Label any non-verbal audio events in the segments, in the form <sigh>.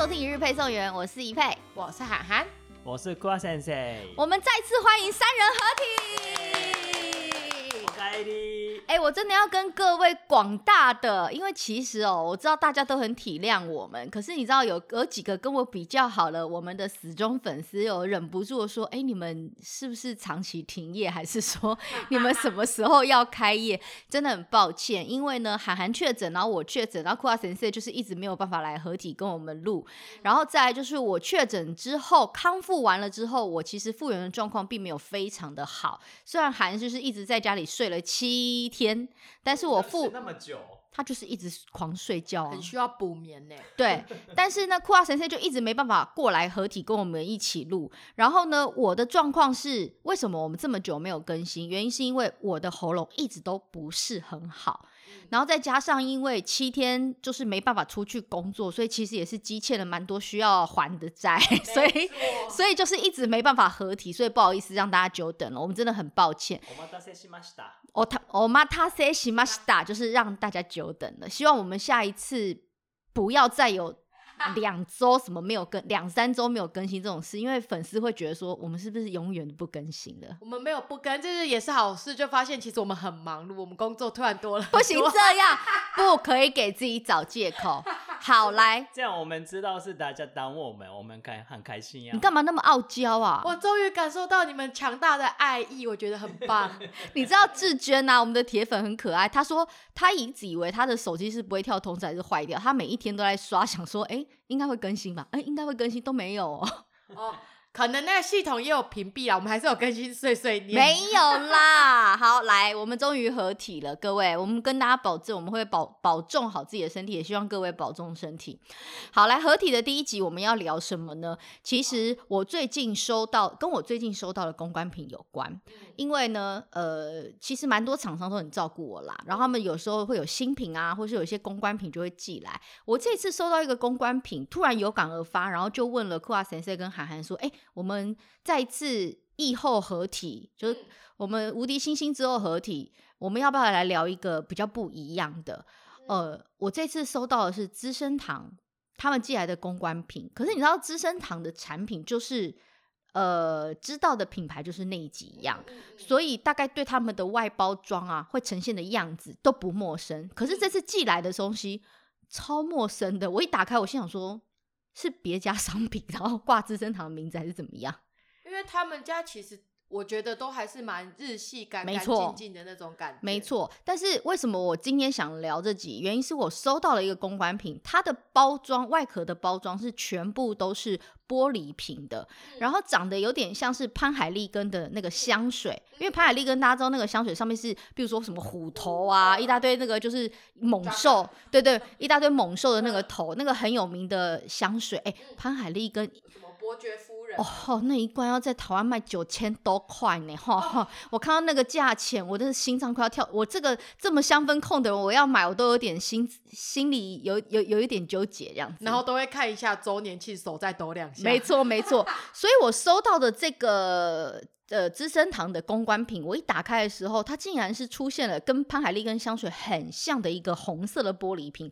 收聽一日配送員，我是一配，我是涵涵，我是郭先生。我們再次歡迎三人合體，哎，我真的要跟各位廣大的，因為其實哦，我知道大家都很體諒我們，可是你知道有有幾個跟我比較好的我們的死忠粉絲，有忍不住說，哎，你們是不是長期停業，還是說你們什麼時候要開業？真的很抱歉，因為呢，韓寒，寒確診，然後我確診，然後酷啊先生就是一直沒有辦法來合體跟我們錄，然後再來就是我確診之後康復完了之後，我其實復原的狀況並沒有非常的好，雖然韓就是一直在家裡睡了七。天，但是我父那麼久，他就是一直狂睡覺，啊，很需要補眠呢，欸。對，但是呢，酷啊神仙就一直沒辦法過來合體跟我們一起錄。然後呢，我的狀況是，為什麼我們這麼久沒有更新？原因是因為我的喉嚨一直都不是很好。然後再加上，因為七天就是沒辦法出去工作，所以其實也是積欠了蠻多需要還的債，所以所以就是一直沒辦法合體，所以不好意思讓大家久等了，我們真的很抱歉。お待たせしました、お待たせしました，就是讓大家久等了。希望我們下一次不要再有。兩周什麼沒有更，兩三周沒有更新這種事，因為粉絲會覺得說我們是不是永遠不更新了？我們沒有不更，這是也是好事，就發現其實我們很忙碌，我們工作突然多了很多。不行，這樣 <laughs> 不可以給自己找借口。好，來，這樣我們知道是大家等我們，我們開很開心呀。你幹嘛那麼傲嬌啊？我終於感受到你們強大的愛意，我覺得很棒。 <laughs> 你知道志娟吶、啊，我們的鐵粉很可愛，他說他一直以為他的手機是不會跳通知還是壞掉，他每一天都在刷，想說哎、欸、應該會更新吧，哎、欸、應該會更新都沒有。 <laughs> 哦，可能那個系統也有屏蔽啊，我們還是有更新碎碎念，沒有啦。 <laughs> 我們終於合體了，各位，我們跟大家保證，我們會保保重好自己的身體，也希望各位保重身體。好，來合體的第一集，我們要聊什麼呢？其實我最近收到，跟我最近收到的公關品有關，因為呢，呃，其實蠻多廠商都很照顧我啦，然後他們有時候會有新品啊，或是有一些公關品就會寄來。我這次收到一個公關品，突然有感而發，然後就問了酷啊先生跟涵涵說：“哎、欸，我們再次疫後合體，就是。嗯”我們無敵星星之後合體，我們要不要來聊一個比較不一樣的？呃，我這次收到的是資生堂他們寄來的公關品，可是你知道資生堂的產品就是，呃，知道的品牌就是那幾樣，所以大概對他們的外包裝啊會呈現的樣子都不陌生。可是這次寄來的東西超陌生的，我一打開我心想說，是別家商品然後掛資生堂的名字還是怎麼樣？因為他們家其實。我覺得都還是蠻日系、乾乾淨淨的那種感覺，沒，沒錯。但是為什麼我今天想聊這集？原因是我收到了一個公關品，它的包裝外殼的包裝是全部都是玻璃瓶的，嗯、然後長得有點像是潘海利根的那個香水，嗯、因為潘海利根、嗯、大家知道那個香水上面是，比如說什麼虎頭啊，一大堆那個就是猛獸，感對對，一大堆猛獸的那個頭，嗯、那個很有名的香水。哎，潘海利根什麼伯爵夫？哦，那一罐要在台灣賣九千多塊呢！吼哦，我看到那個價錢，我的心臟快要跳。我這個這麼香氛控的人，我要買，我都有點心心裡有有有一點糾結這樣子。然後都會看一下周年慶，手再抖兩下沒錯。沒錯沒錯，所以我收到的這個呃資生堂的公關品，我一打開的時候，它竟然是出現了跟潘海利根香水很像的一個紅色的玻璃瓶。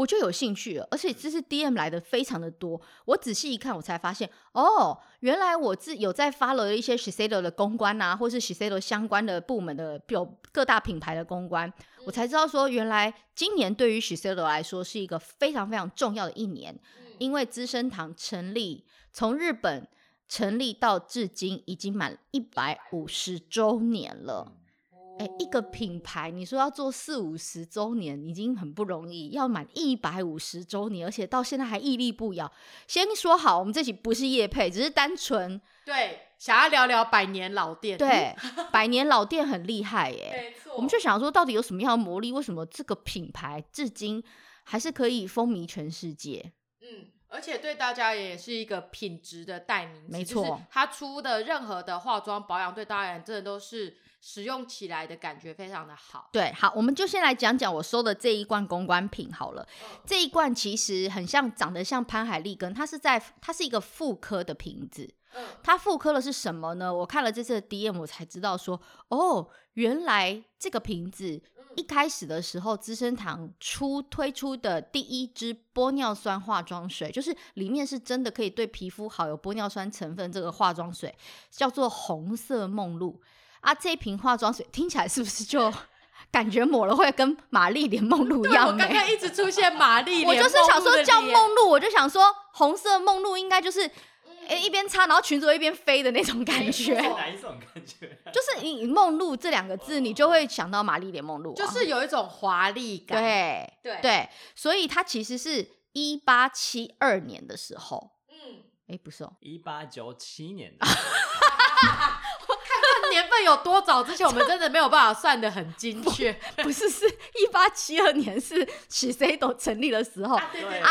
我就有興趣了，而且這是 DM 來的非常的多。我仔細一看，我才發現，哦，原來我自有在發了一些 Shiseido 的公關吶、啊，或是 Shiseido 相關的部門的有各大品牌的公關，我才知道說，原來今年對於 Shiseido 來說是一個非常非常重要的一年，因為資生堂成立從日本成立到至今已經滿一百五十周年了。欸、一個品牌，你說要做四五十周年，已經很不容易；要滿一百五十周年，而且到現在還屹立不搖。先說好，我們這期不是業配，只是單純對想要聊聊百年老店。對， <laughs> 百年老店很厲害耶。沒錯，我們就想說，到底有什麼樣的魔力？為什麼這個品牌至今還是可以風靡全世界？嗯，而且對大家也是一個品質的代名詞。沒錯，他出的任何的化妝保養，對大家真的都是。使用起來的感覺非常的好，對，好，我們就先來講講我收的這一罐公關品好了。嗯，這一罐其實很像，長得像潘海利根，它是在它是一個複刻的瓶子。嗯，它複刻的是什麼呢？我看了這次的 DM，我才知道說，哦，原來這個瓶子一開始的時候，資生堂出推出的第一支玻尿酸化妝水，就是裡面是真的可以對皮膚好，有玻尿酸成分，這個化妝水叫做紅色夢露。啊，這瓶化妝水聽起來是不是就感覺抹了會跟瑪麗蓮夢露一樣？欸、我剛剛一直出現瑪麗蓮，我就是想說叫夢露，我就想說紅色夢露應該就是哎、嗯欸、一邊擦然後裙子會一邊飛的那種感覺，是哪一種感覺啊，就是你夢露這兩個字，你就會想到瑪麗蓮夢露，啊，就是有一種華麗感。對對，所以它其實是一八七二年的時候，嗯，哎、欸，不是哦，喔，一八九七年的時候，哈哈哈哈 <laughs> 年份有多早？之前我們真的沒有辦法算得很精確， <laughs> 不是，是一八七二年是資生堂成立的時候，啊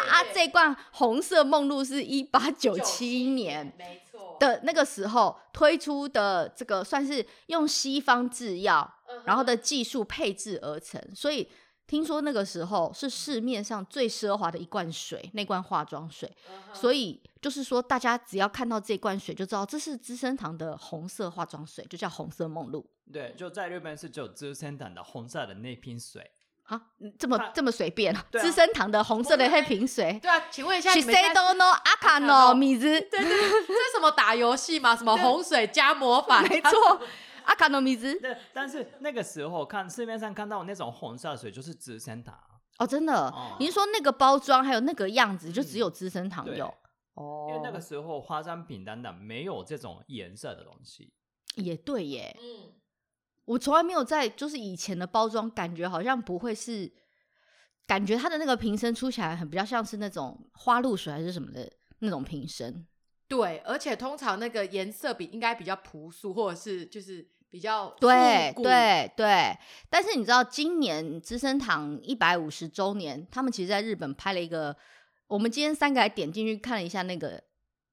啊，這罐紅色夢露是一八九七年沒錯的那個時候推出的，這個算是用西方製藥然後的技術配制而成，所以。聽說那個時候是市面上最奢華的一罐水，那罐化妝水，uh huh. 所以就是說大家只要看到這罐水就知道這是資生堂的紅色化妝水，就叫紅色夢露。對，就在日本是只有資生堂的紅色的那瓶水。好、啊嗯，這麼這麼隨便、啊，資生、啊、堂的紅色的黑瓶水。對啊，請問一下，你是誰都諾阿卡諾米子？No no、對，對對， <laughs> 這是什麼打遊戲嗎？什麼紅水加魔法？對沒錯錯。 <laughs> 阿卡米茲，但是那個時候看市面上看到那種紅色的水，就是資生堂哦，真的，您、嗯、說那個包裝還有那個樣子，就只有資生堂有哦，嗯 oh、因為那個時候化妝品等等沒有這種顏色的東西，也對耶，嗯，我從來沒有在就是以前的包裝，感覺好像不會是，感覺它的那個瓶身出起來很比較像是那種花露水還是什麼的那種瓶身，對，而且通常那個顏色比應該比較樸素，或者是就是。比較對對對，但是你知道今年資生堂一百五十週年，他們其實在日本拍了一個，我們今天三個還點進去看了一下那個，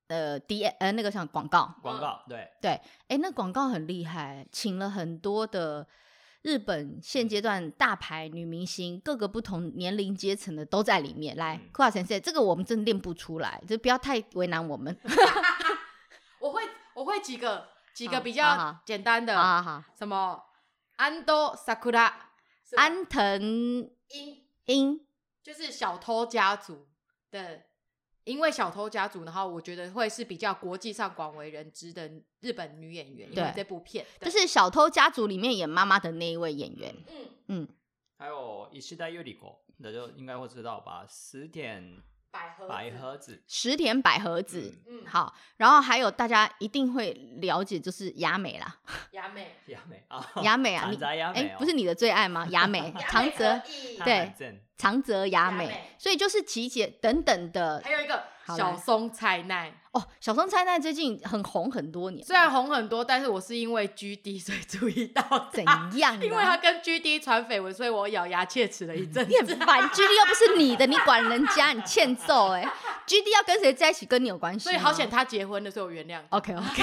呃，D，呃，那個像廣告，廣告，嗯、對，對，哎、欸，那廣告很厲害，請了很多的日本現階段大牌女明星，各個不同年齡階層的都在裡面。來，誇陳 Sir，、嗯、先生這個我們真練不出來，就不要太為難我們。 <laughs> <laughs> 我會，我會幾個。幾個比較簡單的，oh, oh, oh. 什麼安藤薩庫拉、是是安藤英、英，In, In. 就是《小偷家族》的，因為《小偷家族》然後，我覺得會是比較國際上廣為人知的日本女演員。對，這部片對對就是《小偷家族》裡面演媽媽的那一位演員。嗯嗯，嗯還有石田由裡子，那就應該會知道吧？十點。百合子，石田百合子，嗯，好，然後還有大家一定會了解就是雅美啦，雅美，雅美啊，雅美啊、哦，你哎、欸，不是你的最愛嗎？雅美，長澤，對，長澤雅美，雅美所以就是琪姐等等的，還有一個。小松菜奈哦，小松菜奈最近很紅很多年，雖然紅很多，但是我是因為 G D 所以注意到怎樣？因為他跟 G D 傳緋聞，所以我咬牙切齒了一陣子、嗯。你很煩 G D，又不是你的， <laughs> 你管人家？你欠揍哎！G D 要跟誰在一起，跟你有關係？所以好險他結婚的時候我原諒。OK OK。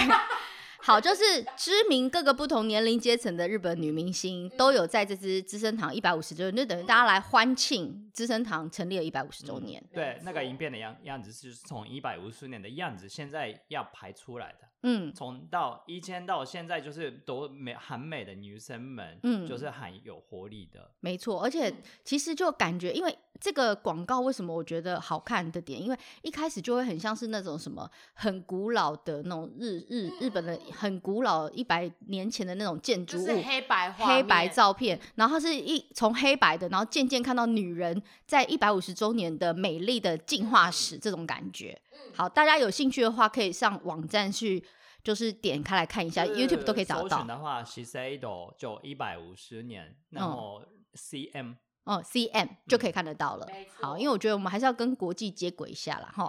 <laughs> 好，就是知名各個不同年齡階層的日本女明星都有在這支資生堂一百五十週年，就等於大家來歡慶資生堂成立了一百五十週年、嗯。對，那個影片的樣樣子是從一百五十年的樣子，現在要排出來的。嗯，從到一千到現在，就是都美很美的女生們，嗯，就是很有活力的。嗯、沒錯，而且其實就感覺，因為。這個廣告為什麼我覺得好看的點？因為一開始就會很像是那種什麼很古老的那種日日日本的很古老一百年前的那種建築物，黑白黑白照片。然後它是一從黑白的，然後漸漸看到女人在一百五十周年的美麗的進化史這種感覺。好，大家有興趣的話，可以上網站去，就是點開來看一下 YouTube 都可以找到。目前的話，Shiseido、嗯、就一百五十年，然後 CM。哦、oh,，CM 就可以看得到了。嗯、好，因為我覺得我們還是要跟國際接軌一下啦。哈。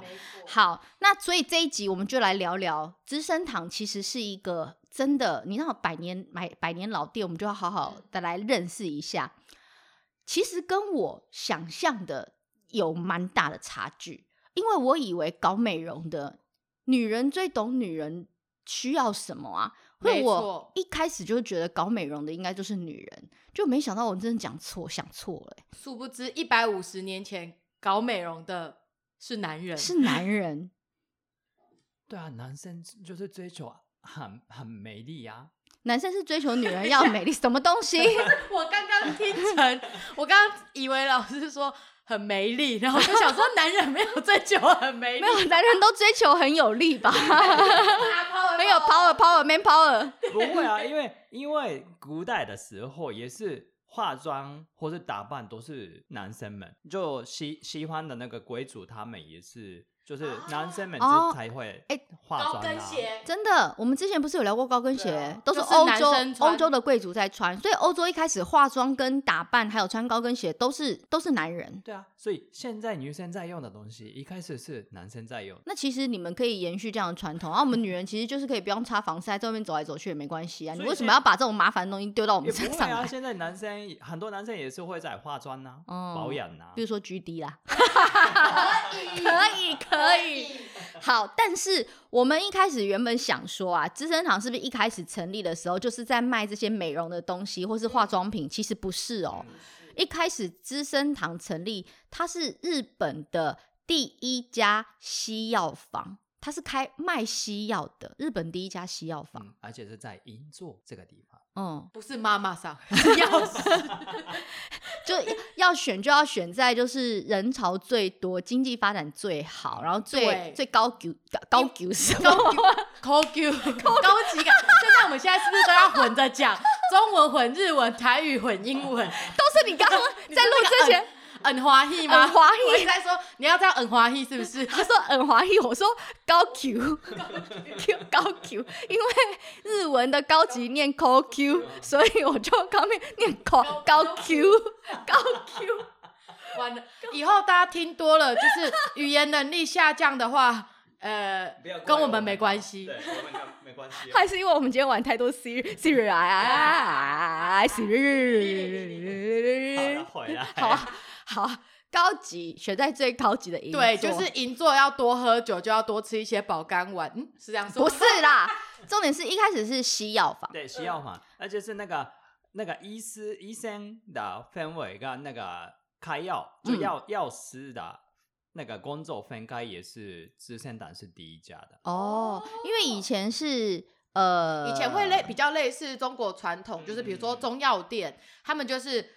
錯好，那所以這一集我們就來聊聊資生堂，其實是一個真的，你知道百年百百年老店，我們就要好好的來認識一下。是其實跟我想象的有蠻大的差距，因為我以為搞美容的，女人最懂女人需要什麼啊。沒錯會，我一開始就覺得搞美容的應該就是女人。就沒想到我真的講錯，想錯了欸。殊不知一百五十年前搞美容的是男人，是男人。 <laughs> 對啊，男生就是追求很很美麗啊。男生是追求女人要美麗，什麼東西？ <laughs> <laughs> <laughs> 我剛剛聽成，我剛剛以為老師說。很美麗，然後就想說，男人沒有追求很美麗， <laughs> 沒有男人都追求很有力吧？沒有 power，power，m a man power，不會啊，因為因為古代的時候也是化妝或是打扮都是男生們，就西西方的那個貴族他們也是。就是男生們才會哎、啊，化妝、oh, 欸、高跟鞋真的，我們之前不是有聊過高跟鞋、欸，啊、都是歐洲歐洲的貴族在穿，所以歐洲一開始化妝跟打扮，還有穿高跟鞋都是都是男人。對啊，所以現在女生在用的東西，一開始是男生在用。那其實你們可以延續這樣的傳統，然後我們女人其實就是可以不用擦防晒，在外面走來走去也沒關係啊。你為什麼要把這種麻煩的東西丟到我們身上？啊，現在男生很多男生也是會在化妝啊，嗯、保養啊。比如說 GD 啦，可以 <laughs> <laughs> 可以。 <laughs> 可以， <laughs> 好，但是我們一開始原本想說啊，資生堂是不是一開始成立的時候就是在賣這些美容的東西或是化妝品？對其實不是哦，嗯、是。一開始資生堂成立，它是日本的第一家西藥房，它是開賣西藥的，日本第一家西藥房，嗯、而且是在銀座這個地方。嗯，不是媽媽桑，是鑰匙。 <laughs> 就要是就要選就要選在就是人潮最多、經濟發展最好，然後最對最高級、高 G 高級，高級感。現在我們現在是不是都要混着講 <laughs> 中文混日文、台語混英文？都是你剛剛，你剛在錄之前。恩華熙嗎？我在說你要叫恩華熙是不是？他說恩華熙，我說高 Q，高 Q 高 Q，因為日文的高級念 Q q 所以我就高面念 c 高 Q 高 Q。完了以後大家聽多了就是語言能力下降的話，呃，跟我們沒關係，還是因為我們今天玩太多 s e r i s s r i o u s 啊，serious，好了，回來了，好。好，高級選在最高級的銀座，對，就是銀座要多喝酒就要多吃一些保肝丸，嗯、是這樣說？不是啦， <laughs> 重點是一開始是西藥房，對，西藥房，嗯、而且是那個那個醫師醫生的分委跟那個開藥就藥藥師的那個工作分開，也是資生堂是第一家的哦，因為以前是、哦、呃以前會類比較類似中國傳統，嗯、就是比如說中藥店，他們就是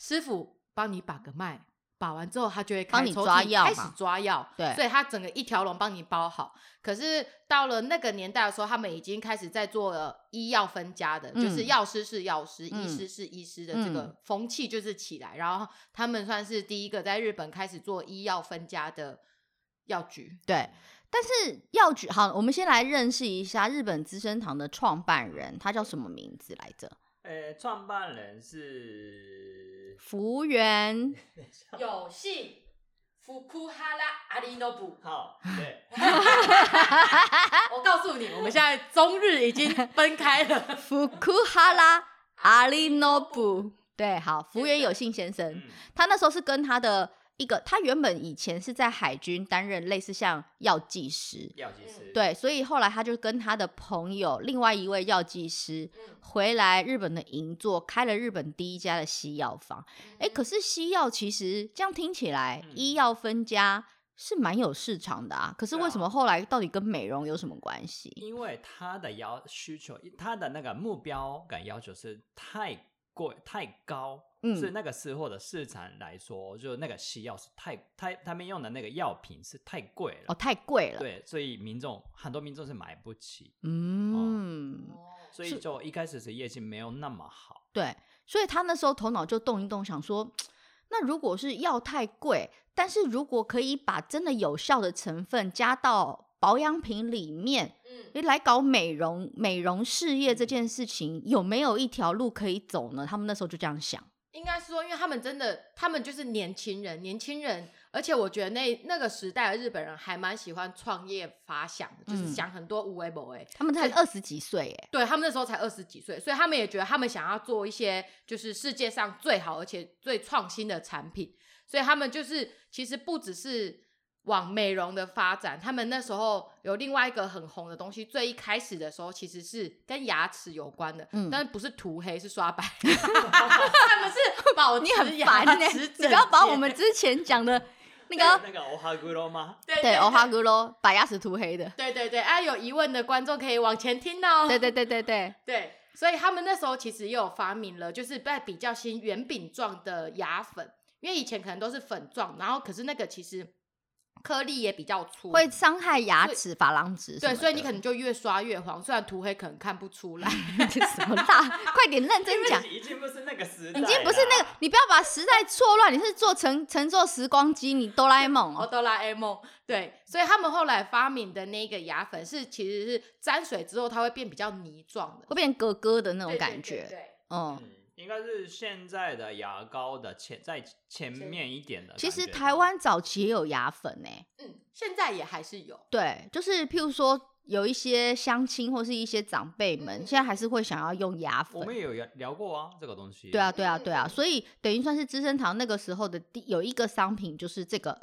師傅。幫你把個脈，把完之後他就會幫你抓藥嘛，開始抓藥，對，所以他整個一條龍幫你包好。可是到了那個年代的時候，他們已經開始在做醫藥分家的，嗯、就是藥師是藥師，醫師是醫師的這個風氣就是起來，嗯、然後他們算是第一個在日本開始做醫藥分家的藥局。對，但是藥局好，我們先來認識一下日本資生堂的創辦人，他叫什麼名字來着？呃，欸，創辦人是服員福原有信，福庫哈拉阿里諾布。好，對。我告訴你，我們現在中日已經分開了。福庫哈拉阿里諾布，對，好，福原有信先生， <music> 他那時候是跟他的。一個，他原本以前是在海軍擔任類似像藥劑師，藥劑師，對，所以後來他就跟他的朋友，另外一位藥劑師，回來日本的銀座開了日本第一家的西藥房。哎，可是西藥其實這樣聽起來，嗯，醫藥分家是蠻有市場的啊。可是為什麼後來到底跟美容有什麼關係？因為他的要需求，他的那個目標感要求是太過太高。是那個時候的市場來說，就那個西藥是太，他他們用的那個藥品是太貴了，哦，太貴了，對，所以民眾很多民眾是買不起，嗯，嗯，所以就一開始是業績沒有那麼好，對，所以他那時候頭腦就動一動，想說，那如果是藥太貴，但是如果可以把真的有效的成分加到保養品裡面，嗯，來搞美容美容事業這件事情、嗯、有沒有一條路可以走呢？他們那時候就這樣想。應該說，因為他們真的，他們就是年輕人，年輕人，而且我覺得那那個時代的日本人還蠻喜歡創業發想的，嗯、就是想很多無為不為。他們才二十幾歲耶，對他們那時候才二十幾歲，所以他們也覺得他們想要做一些就是世界上最好而且最創新的產品，所以他們就是其實不只是。往美容的發展，他們那時候有另外一個很紅的東西。最一開始的時候，其實是跟牙齒有關的，嗯、但不是塗黑，是刷白。 <laughs> <laughs> 他們是保牙你、欸，你很白呢，你不要把我們之前講的那個那個歐哈古羅嗎？對，歐哈古羅，把牙齒塗黑的。對對對，哎、啊，有疑問的觀眾可以往前聽哦、喔。對對對對對對，對，所以他們那時候其實又有發明了，就是比較新圓餅狀的牙粉，因為以前可能都是粉狀，然後可是那個其實。顆粒也比較粗，會傷害牙齒、珐琅質。對，所以你可能就越刷越黃。雖然塗黑可能看不出來，哈 <laughs> 什麼大？ <laughs> 快點認真講，欸、已經不是那個時代，已經不是那個，你不要把時代錯亂。你是做乘乘坐時光機，你哆啦 A 夢哦，哆啦 A 夢。對，所以他們後來發明的那個牙粉是其實是沾水之後它會變比較泥狀的，會變咯咯的那種感覺。對，對，對，對，嗯。應該是現在的牙膏的前在前面一點的。其實台灣早期也有牙粉誒、欸，嗯，現在也還是有。對，就是譬如說有一些鄉親或是一些長輩們，現在還是會想要用牙粉。嗯、我們也有聊過啊，這個東西。對啊，對啊，對啊。所以等於算是資生堂那個時候的有一個商品，就是這個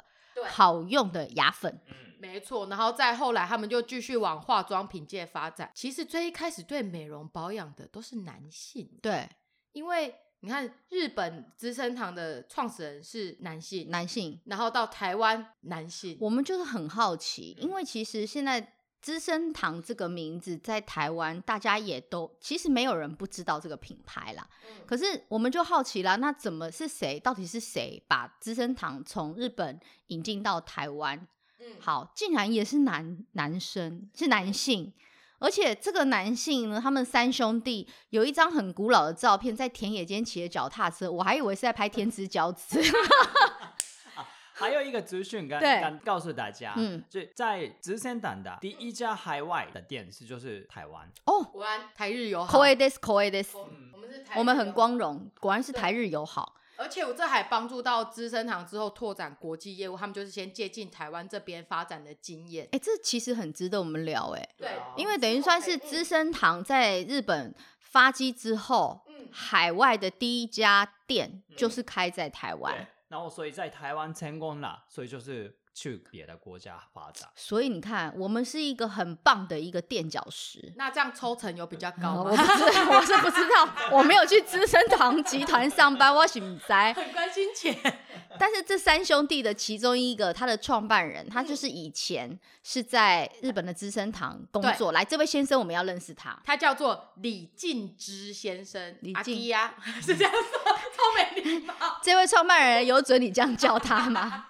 好用的牙粉。嗯，沒錯。然後再後來，他們就繼續往化妝品界發展。其實最一開始對美容保養的都是男性。對。因為你看，日本資生堂的創始人是男性，男性，然後到台灣男性，我們就是很好奇，嗯、因為其實現在資生堂這個名字在台灣大家也都其實沒有人不知道這個品牌啦，嗯、可是我們就好奇啦，那怎麼是誰？到底是誰把資生堂從日本引進到台灣？嗯，好，竟然也是男男生，是男性。嗯而且這個男性呢，他們三兄弟有一張很古老的照片，在田野間騎着腳踏車，我還以為是在拍天之驕子。 <laughs> 啊，還有一個資訊跟，對跟告訴大家，嗯，就在資生堂的第一家海外的店就是台灣。哦，果然台日友好。Coedes Coedes，、嗯、我們是，我們很光榮，果然是台日友好。對而且我這還幫助到資生堂之後拓展國際業務，他們就是先借鑑台灣這邊發展的經驗。哎、欸，這其實很值得我們聊哎、欸。對、啊，因為等於算是資生堂在日本發跡之後，嗯，海外的第一家店就是開在台灣、嗯嗯，然後所以在台灣成功了，所以就是。去別的國家發展，所以你看，我們是一個很棒的一個墊腳石。那這樣抽成有比較高嗎？嗯、我是我是不知道， <laughs> 我沒有去資生堂集團上班，我姓翟，很關心錢。但是這三兄弟的其中一個，他的創辦人，他就是以前是在日本的資生堂工作。嗯、來，這位先生，我們要認識他，他叫做李敬之先生，李敬之呀，是這樣說，嗯、超沒禮貌，這位創辦人有準你這樣叫他嗎？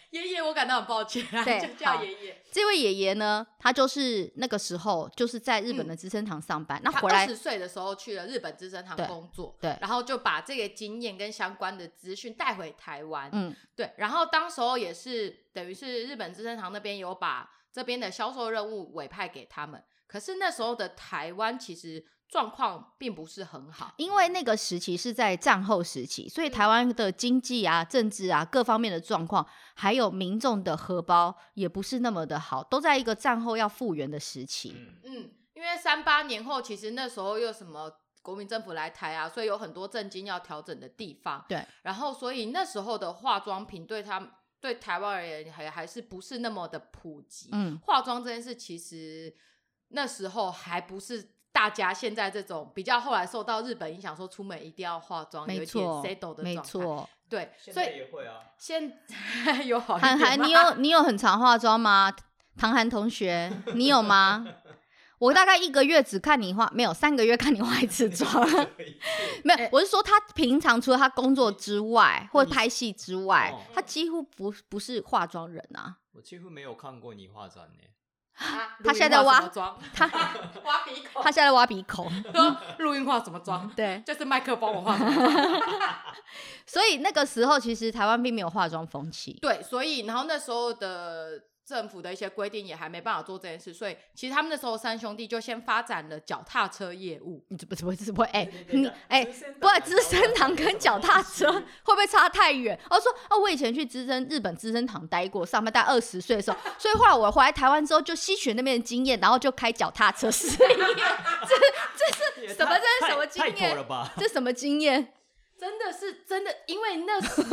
<laughs> 爺爺，爺爺我感到很抱歉啊，就對叫爺爺。這位爺爺呢，他就是那個時候就是在日本的資生堂上班，那、嗯、回來他二十歲的時候去了日本資生堂工作，對對然後就把這個經驗跟相關的資訊帶回台灣，嗯，對，然後當時候也是等於是日本資生堂那邊有把這邊的銷售任務委派給他們，可是那時候的台灣其實。狀況並不是很好，因為那個時期是在戰後時期，所以台灣的經濟啊、政治啊各方面的狀況，還有民眾的荷包也不是那麼的好，都在一個戰後要復原的時期。嗯，因為三八年後，其實那時候又什麼國民政府來台啊，所以有很多政經要調整的地方。對，然後所以那時候的化妝品對，對他對台灣而言還還是不是那麼的普及。嗯，化妝這件事其實那時候還不是。大家現在這種比較，後來受到日本影響，說出門一定要化妝，沒錯 sad 的沒錯，對，所以也會啊。現韓寒，你有你有很常化妝嗎？唐涵同學，你有嗎？我大概一個月只看你化，沒有三個月看你化一次妝。沒有，我是說他平常除了他工作之外，或拍戲之外，他幾乎不不是化妝人啊。我幾乎沒有看過你化妝呢。啊、他現在在挖，他挖鼻口，他現在挖鼻孔，錄、嗯、音化什麼妝、嗯？對，就是麥克幫我化。 <laughs> <laughs> 所以那個時候其實台灣並沒有化妝風氣，對，所以然後那時候的。政府的一些規定也還沒辦法做這件事，所以其實他們那時候的三兄弟就先發展了腳踏車業務。你怎麼怎麼會怎哎你哎不會？資生堂跟腳踏車會不會差太遠？我、哦、說啊、哦，我以前去資生日本資生堂待過上班，待二十歲的時候， <laughs> 所以後來我回來台灣之後就吸取那邊的經驗，然後就開腳踏車事業。這 <laughs> 這是什麼？這是什麼經驗？這什麼經驗？真的是真的，因為那時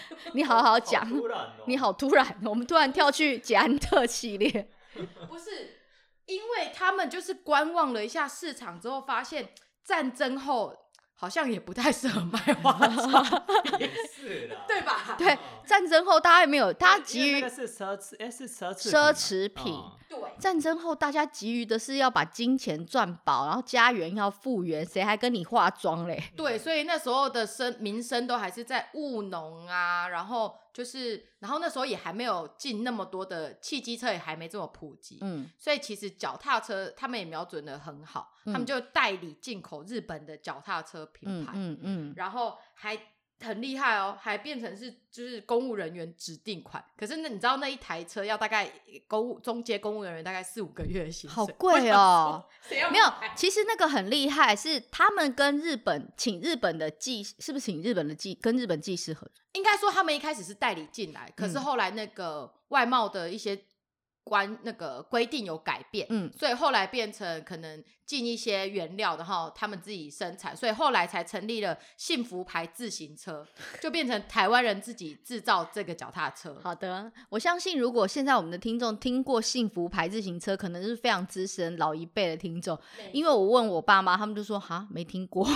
<laughs> 你好好講， <laughs> 好喔、你好突然，我們突然跳去捷安特系列， <laughs> 不是因為他們就是觀望了一下市場之後，發現戰爭後。好像也不太適合賣花， <laughs> 也是的啦， <laughs> 對吧？對，戰爭後大家還沒有，大家急於是奢侈，哎，是奢侈，啊哦、奢侈品。對，戰爭後大家急於的是要把金錢賺飽，然後家園要復原，誰還跟你化妝嘞？對，所以那時候的生民生都還是在務農啊，然後。就是，然後那時候也還沒有進那麼多的汽機車，也還沒這麼普及，嗯，所以其實腳踏車他們也瞄準得很好，嗯、他們就代理進口日本的腳踏車品牌，嗯嗯，嗯嗯然後還。很厲害哦，還變成是就是公務人員指定款，可是那你知道那一台車要大概公務中階公務人員大概四五個月的薪水好貴哦。沒有，其實那個很厲害，是他們跟日本請日本的技，是不是請日本的技跟日本技師合？應該說他們一開始是代理進來，可是後來那個外貿的一些。嗯關那個規定有改變，嗯，所以後來變成可能進一些原料，然後他們自己生產，所以後來才成立了幸福牌自行車，就變成台灣人自己製造這個腳踏車。好的，我相信如果現在我們的聽眾聽過幸福牌自行車，可能是非常資深老一輩的聽眾，沒因為我問我爸媽，他們就說哈沒聽過。 <laughs>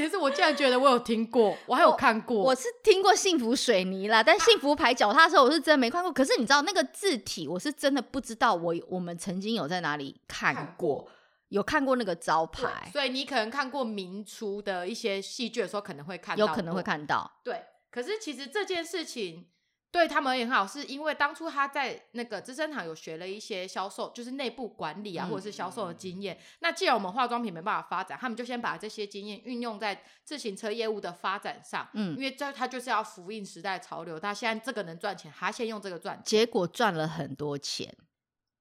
其實我竟然覺得我有聽過，我還有看過。我，我是聽過“幸福水泥”啦，但“幸福牌腳踏車”我是真的沒看過。啊、可是你知道那個字體，我是真的不知道我。我我們曾經有在哪裡看過，看過有看過那個招牌。所以你可能看過民初的一些戲劇的時候，可能會看到，有可能會看到。對，可是其實這件事情。對他們也很好，是因為當初他在那個資生堂有學了一些銷售，就是內部管理啊，或者是銷售的經驗。嗯、那既然我們化妝品沒辦法發展，他們就先把這些經驗運用在自行車業務的發展上。嗯，因為這他就是要符應時代潮流，他現在這個能賺錢，他先用這個賺錢，結果賺了很多錢，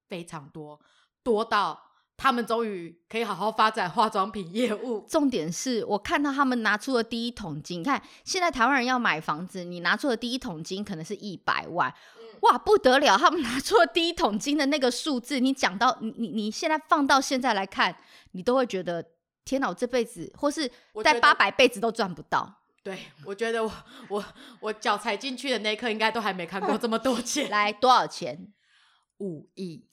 非常多，多到。他們終於可以好好發展化妝品業務。重點是我看到他們拿出了第一桶金。你看，現在台灣人要買房子，你拿出的第一桶金可能是一百萬，嗯、哇，不得了！他們拿出了第一桶金的那個數字，你講到你你，你現在放到現在來看，你都會覺得天哪，我這輩子或是再八百輩子都賺不到。對，我覺得我我我腳踩進去的那一刻，應該都還沒看過這麼多錢。 <laughs> 來，多少錢？五億。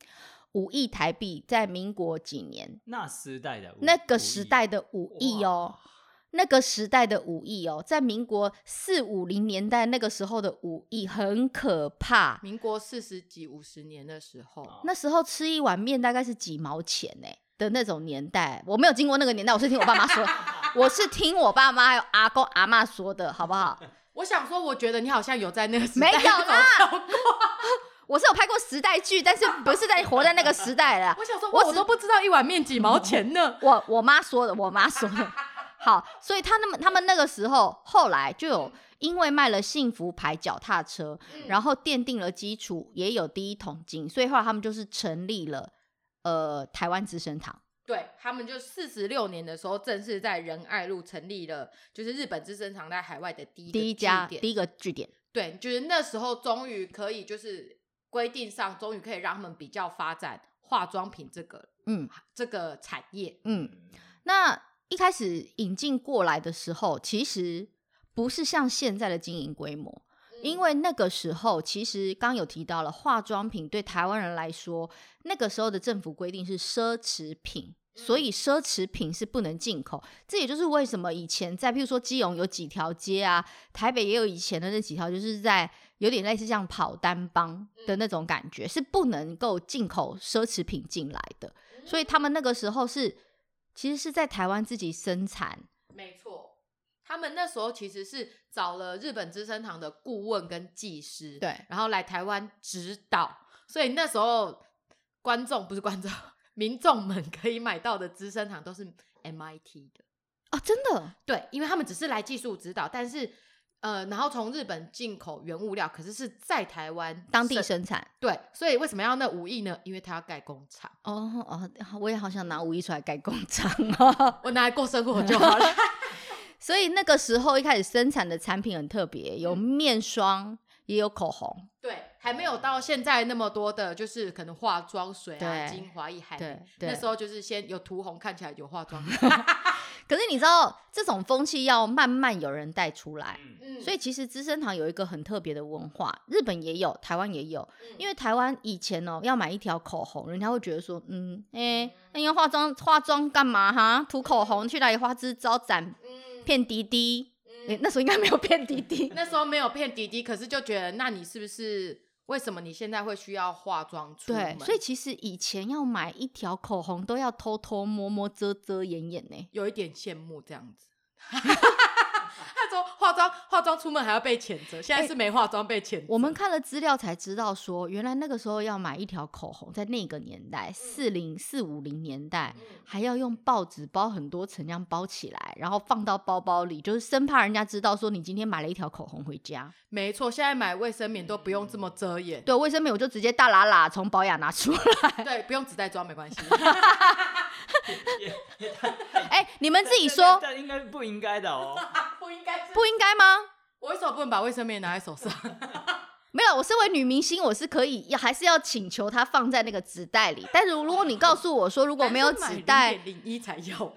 五億台幣在民國幾年？那時代的那個時代的五億哦，那個時代的五億哦，在民國四五零年代那個時候的五億很可怕。民國四十幾五十年的時候，那時候吃一碗麵大概是幾毛錢呢、欸、的那種年代，我沒有經過那個年代，我是聽我爸媽說，我是聽我爸媽還有阿公阿媽說的，好不好？我想說，我覺得你好像有在那個時代沒有過、啊。我是有拍過時代劇，但是不是在活在那個時代了。 <laughs> 我想說，我都不知道一碗麵幾毛錢呢。我我媽說的，我媽說的。 <laughs> 好，所以他那麼他們那個時候，後來就有因為賣了幸福牌腳踏車，嗯、然後奠定了基礎，也有第一桶金。所以後來他們就是成立了呃台灣資生堂。對他們就四十六年的時候，正式在仁愛路成立了，就是日本資生堂在海外的第一第一家第一個據點。對，就是那時候終於可以就是。規定上終於可以讓他們比較發展化妝品這個，嗯，這個產業，嗯。那一開始引進過來的時候，其實不是像現在的經營規模，嗯。因為那個時候其實剛有提到了化妝品對台灣人來說，那個時候的政府規定是奢侈品，嗯。所以奢侈品是不能進口。這也就是為什麼以前在，譬如說基隆有幾條街啊，台北也有以前的那幾條，就是在。有點類似像跑單幫的那種感覺，嗯，是不能夠進口奢侈品進來的，嗯，所以他們那個時候是其實是在台灣自己生產。沒錯，他們那時候其實是找了日本資生堂的顧問跟技師，對，然後來台灣指導。所以那時候觀眾不是觀眾，民眾們可以買到的資生堂都是 MIT 的啊。真的？對，因為他們只是來技術指導，但是。呃，然後從日本進口原物料，可是是在台灣當地生產。對，所以為什麼要那五億呢？因為它要蓋工廠。哦哦，我也好想拿五億出來蓋工廠，oh, 我拿來過生活就好了。 <laughs> <laughs> 所以那個時候一開始生產的產品很特別，有面霜，嗯、也有口紅。對，還沒有到現在那麼多的，就是可能化妝水啊、精華液。海對，海對對，那時候就是先有塗紅，看起來有化妝。 <laughs> 可是你知道，這種風氣要慢慢有人帶出來。嗯、所以其實資生堂有一個很特別的文化，日本也有，台灣也有。嗯、因為台灣以前哦、喔，要買一條口紅，人家會覺得說，嗯，欸、那你要化妝，化妝幹嘛哈？塗口紅去哪裡花枝招展？騙滴滴、嗯嗯欸？那時候應該沒有騙滴滴 <laughs> <laughs> 那時候沒有騙滴滴，可是就覺得，那你是不是？為什麼你現在會需要化妝出門？對，所以其實以前要買一條口紅都要偷偷摸摸、遮遮掩掩呢、欸，有一點羨慕這樣子。 <laughs> <laughs> 化妝化妝出門還要被譴責，現在是沒化妝被譴責。欸、我們看了資料才知道，說原來那個時候要買一條口紅，在那個年代四零四五零年代，嗯、還要用報紙包很多層，這樣包起來，然後放到包包裡，就是生怕人家知道說你今天買了一條口紅回家。沒錯，現在買衛生棉都不用這麼遮掩，嗯、對衛生棉我就直接大喇喇從包裡拿出來，對，不用紙袋裝沒關係。 <laughs> <laughs> 哎、 <laughs> 欸，你們自己說，這應該是不應該的哦？不應該，不應該嗎？我為什麼不能把衛生棉拿在手上？ <laughs> 沒有，我身為女明星，我是可以，還是要請求她放在那個紙袋裡。但是如果你告訴我說，如果沒有紙袋，零一才有。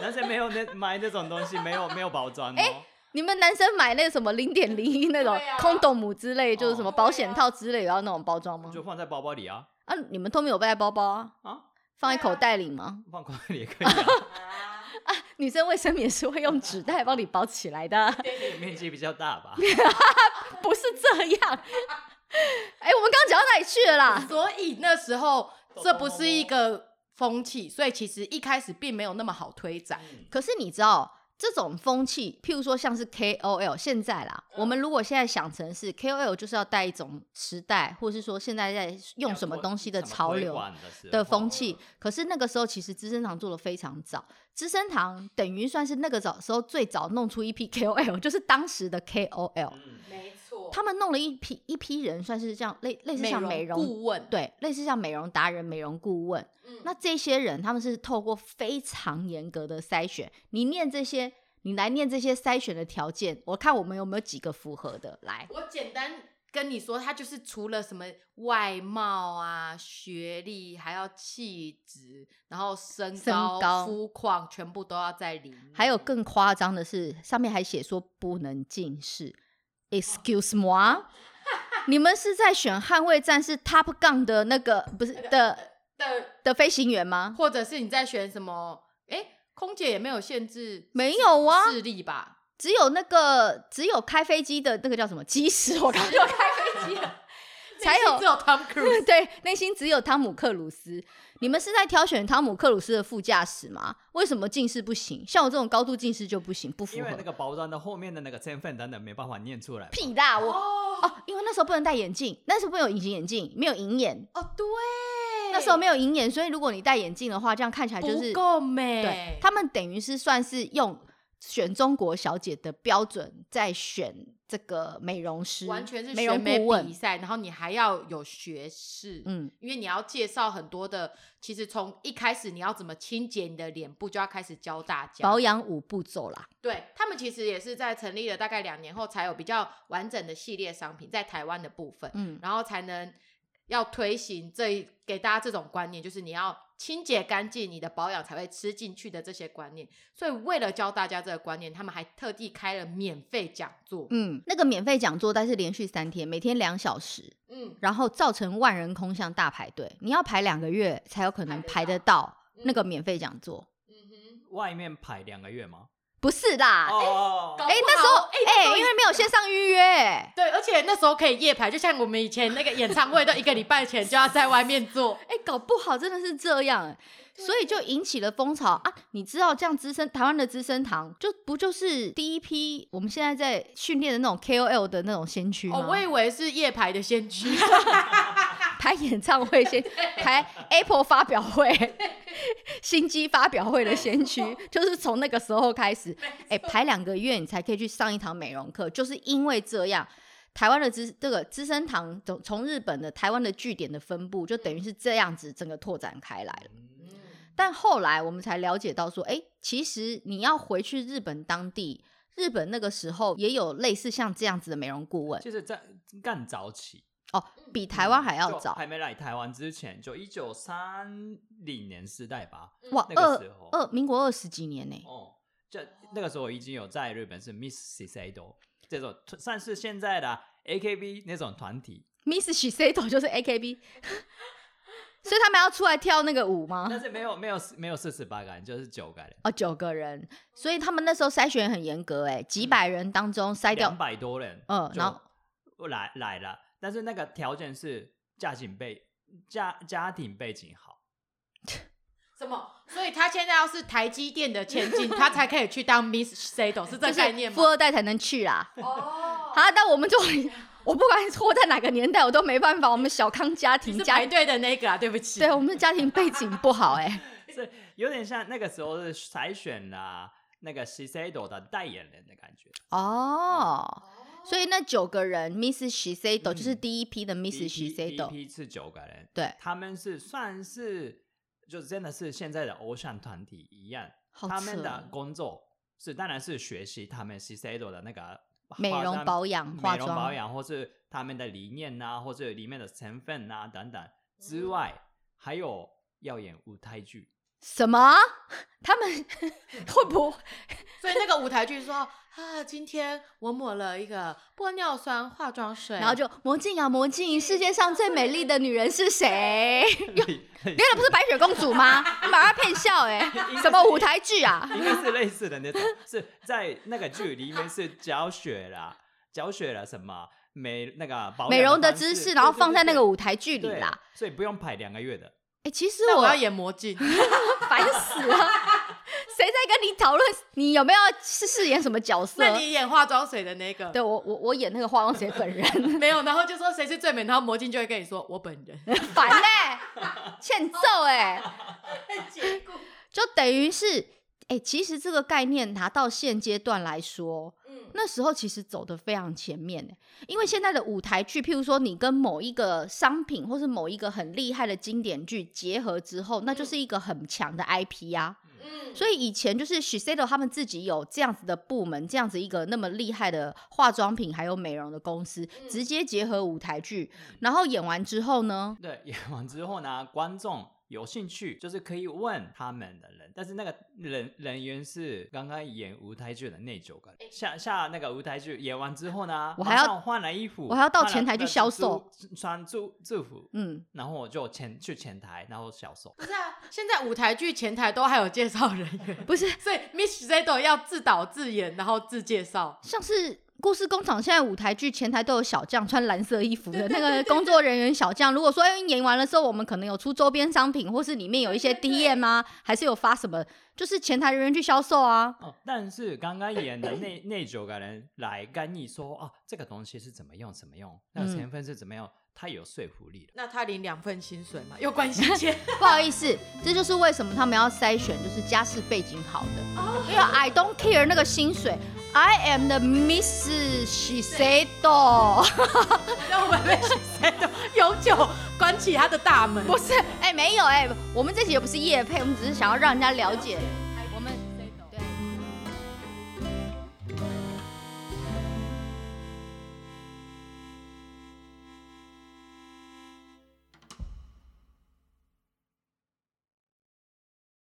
男生沒有那買那種東西，沒有沒有包裝哎、哦欸，你們男生買那什麼零點零一那種 condom 之類，就是什麼保險套之類的，要那種包裝嗎？就放在包包裡啊。啊，你們都沒有背包包啊？啊？放在口袋裡嗎？放口袋裡也可以啊。 <laughs> 啊，女生衛生棉是會用紙袋幫你包起來的、啊。面積比較大吧？不是這樣。哎、 <laughs> 欸，我們剛講到哪裡去了啦？所以那時候這不是一個風氣，所以其實一開始並沒有那麼好推展。嗯、可是你知道？這種風氣，譬如說像是 K O L，現在啦，我們如果現在想成是 K O L，就是要帶一種時代，或是說現在在用什麼東西的潮流的風氣。可是那個時候，其實資生堂做得非常早，資生堂等於算是那個早時候最早弄出一批 K O L，就是當時的 K O L。嗯他們弄了一批一批人，算是這樣類類似像美容顧問，對，類似像美容達人、美容顧問。嗯、那這些人他們是透過非常嚴格的篩選，你念這些，你來念這些篩選的條件，我看我們有沒有幾個符合的。來，我簡單跟你說，他就是除了什麼外貌啊、學歷，還要氣質，然後身高、膚況高，全部都要在裡面。還有更誇張的是，上面還寫說不能近視。Excuse me？ <laughs> 你們是在選捍衛戰士 Top Gun 的那個，不是、啊、的的的飛行員嗎？或者是你在選什麼？哎、欸，空姐也沒有限制，沒有啊，視力吧？只有那個，只有開飛機的那個叫什麼機師？我剛要開。 <laughs> 才有克對內心只有湯 <laughs> 姆克魯斯， <laughs> 你們是在挑選湯姆克魯斯的副駕駛嗎？為什麼近視不行？像我這種高度近視就不行，不符合。因為那個包裝的後面的那個成分等等沒辦法念出來。屁大我哦、啊，因為那時候不能戴眼鏡，那時候沒有隱形眼鏡，沒有隱眼哦。對，那時候沒有隱眼，眼、哦、眼，所以如果你戴眼鏡的話，這樣看起來、就是、不夠美。對，他們等於是算是用選中國小姐的標準在選。這個美容師完全是選美比賽，然後你還要有學士，嗯，因為你要介紹很多的，其實從一開始你要怎麼清潔你的臉部，就要開始教大家保養五步驟啦。對他們其實也是在成立了大概兩年後，才有比較完整的系列商品在台灣的部分，嗯，然後才能要推行這給大家這種觀念，就是你要。清潔乾淨，你的保養才會吃進去的這些觀念。所以為了教大家這個觀念，他們還特地開了免費講座。嗯，那個免費講座，但是連續三天，每天兩小時。嗯，然後造成萬人空巷大排隊，你要排兩個月才有可能排得到那個免費講座。嗯，嗯，嗯哼，外面排兩個月嗎？不是啦，哦、oh. 欸，搞不好，哎，那時候，哎、欸，因為沒有線上預約，對，而且那時候可以夜排，就像我們以前那個演唱會，都一個禮拜前就要在外面做，哎、 <laughs> 欸，搞不好真的是這樣，所以就引起了風潮啊！你知道，這樣資深台灣的資生堂，就不就是第一批我們現在在訓練的那種 KOL 的那種先驅嗎？Oh, 我以為是夜排的先驅。 <laughs> 開演唱會先開 Apple 發表會， <laughs> 新機發表會的先驅就是從那個時候開始。哎錯，排兩、欸、個月你才可以去上一堂美容課，就是因為這樣，台灣的資這個資生堂從從日本的台灣的據點的分布，就等於是這樣子整個拓展開來了。嗯、但後來我們才了解到說，哎、欸，其實你要回去日本當地，日本那個時候也有類似像這樣子的美容顧問，就是在干早起。哦，比台灣還要早，嗯、還沒來台灣之前，就一九三零年時代吧。哇、嗯，那個時候民國二十幾年呢。哦，就那個時候已經有在日本是 Miss Shiseido 這種，算是現在的 AKB 那種團體。 Miss Shiseido 就是 AKB， <laughs> <laughs> 所以他們要出來跳那個舞嗎？但是沒有沒有沒有四十八個人，就是九個人。哦，九個人，所以他們那時候篩選很嚴格，哎，幾百人當中篩掉兩百、嗯、多人。嗯，然後來來了。但是那個條件是家境背家家庭背景好，什麼？所以他現在要是台積電的千金， <laughs> 他才可以去當 Miss Shiseido 是這概念嗎？富二代才能去啊。哦，好，那我們就我不管活在哪個年代，我都沒辦法。我們小康家庭，你是排隊的那個啊？對不起，對，我們的家庭背景不好、欸，哎，是有點像那個時候是篩選啊，那個 Miss Shiseido 的代言人的感覺。哦。嗯所以那九個人，Miss Shiseido、嗯、就是第一批的 Miss Shiseido，一批是九個人，對，他們是算是，就真的是現在的偶像團體一樣，好扯。他們的工作是當然是學習他們 Shiseido 的那個美容保養、美容保養，化妝。或是他們的理念吶、啊，或者裡面的成分吶、啊、等等之外，嗯、還有要演舞台劇。什麼？他們會不會？所以那個舞台劇說 <laughs> 啊，今天我抹了一個玻尿酸化妝水，然後就魔鏡啊，魔鏡，世界上最美麗的女人是誰？原來不是白雪公主嗎？ <laughs> 你把她騙笑哎是，什麼舞台劇啊？應該是類似的那種，是在那個劇裡面是教學啦， <laughs> 教學了什麼美那個保美容的知識，然後放在那個舞台劇裡啦對對對，所以不用拍兩個月的。哎、欸，其實我，我要演魔鏡，煩 <laughs> 死了！誰 <laughs> 在跟你討論你有沒有飾演什麼角色？ <laughs> 那你演化妝水的那個？對我，我我演那個化妝水本人。 <laughs> <laughs> 沒有，然後就說誰是最美，然後魔鏡就會跟你說我本人，煩嘞、 <laughs> 欸， <laughs> 欠揍哎、欸， <laughs> 就等於是。哎、欸，其實這個概念拿到現階段來說，嗯、那時候其實走得非常前面，因為現在的舞台劇，譬如說你跟某一個商品或是某一個很厲害的經典劇結合之後，那就是一個很強的 IP 呀、啊，嗯、所以以前就是 Shiseido 他們自己有這樣子的部門，這樣子一個那麼厲害的化妝品還有美容的公司，嗯、直接結合舞台劇，然後演完之後呢，對，演完之後呢，觀眾。有興趣就是可以問他們的人，但是那個人人員是剛剛演舞台劇的那種、欸、下下那個舞台劇演完之後呢，我還要換了衣服，我還要到前台去銷售，銷售穿住制服，嗯，然後我就前去前台，然後銷售。不是啊， <laughs> 現在舞台劇前台都還有介紹人員， <laughs> 不是，所以 Miss Shiseido 要自導自演，然後自介紹，像是。故事工廠現在舞台劇前台都有小將穿藍色衣服的那個工作人員小將。如果說因為演完了之後，我們可能有出周邊商品，或是裡面有一些 DM 啊，還是有發什麼？就是前台人員去銷售啊。哦，但是剛剛演的那 <laughs> 那九個人來跟你說啊，這個東西是怎麼用，怎麼用，那個成分是怎麼用。嗯太有說服力了。那他領兩份薪水嗎？有關係？ <laughs> 不好意思， <laughs> 這就是為什麼他們要篩選，就是家世背景好的。Oh, okay. 沒有 I don't care 那個薪水，I am the Miss Shiseido 對。讓我們 Miss Shiseido 永久關起他的大門。 <laughs> 不是，哎、欸，沒有、欸，哎，我們這集也不是業配，我們只是想要讓人家了解。了解